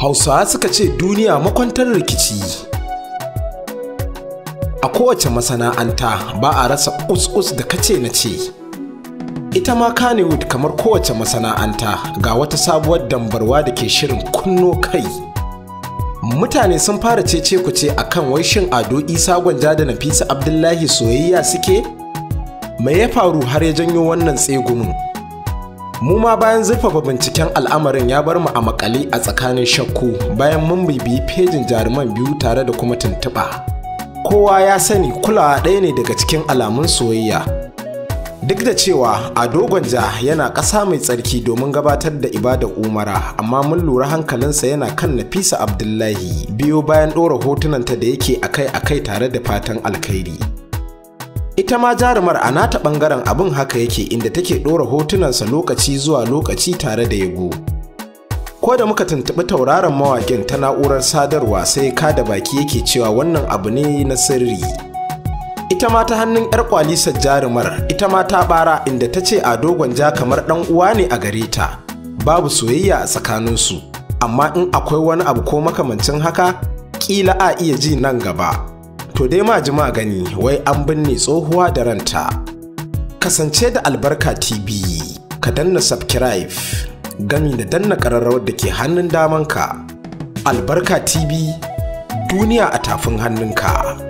Hausawa suka ce duniya makwantar rikici. A kowace masana'anta ba a rasa us-us da kace na ce. Ita ma kanewood kamar kowace masana'anta ga wata sabuwar dambarwa da ke shirin kunno kai. Mutane sun fara cece ce a kan wai shin Ado Isa Gwanja da Nafisa Abdullahi soyayya suke? Me ya faru har ya janyo wannan tsegumin? mu ma bayan zurfafa binciken al'amarin ya bar mu a makale a tsakanin shakku bayan mun bibiyi fejin jaruman biyu tare da kuma tuntuɓa kowa ya sani kulawa ɗaya ne daga cikin alamun soyayya duk da cewa a ja yana ƙasa mai tsarki domin gabatar da ibada umara amma mun lura hankalinsa yana kan nafisa abdullahi biyo bayan ɗora hotunanta da yake akai-akai tare da fatan alkhairi ita ma jarumar a nata bangaren abin haka yake inda take ɗora hotunansa lokaci zuwa lokaci tare da yabo ko da muka tuntuɓi tauraron mawaƙin ta na'urar sadarwa sai ka da baki yake cewa wannan abu ne na sirri ita ma ta hannun 'yar kwalisar jarumar ita ma ta bara inda ta ce a dogon ja kamar 'dan uwa ne a gare ta babu soyayya a tsakaninsu amma in akwai wani abu ko makamancin haka kila a iya ji nan gaba To dai ma ji magani wai an binne tsohuwa da ranta. Kasance da Albarka TV, ka danna subscribe gami da danna ƙararrawar da ke hannun damanka. Albarka TV, duniya a tafin hannunka.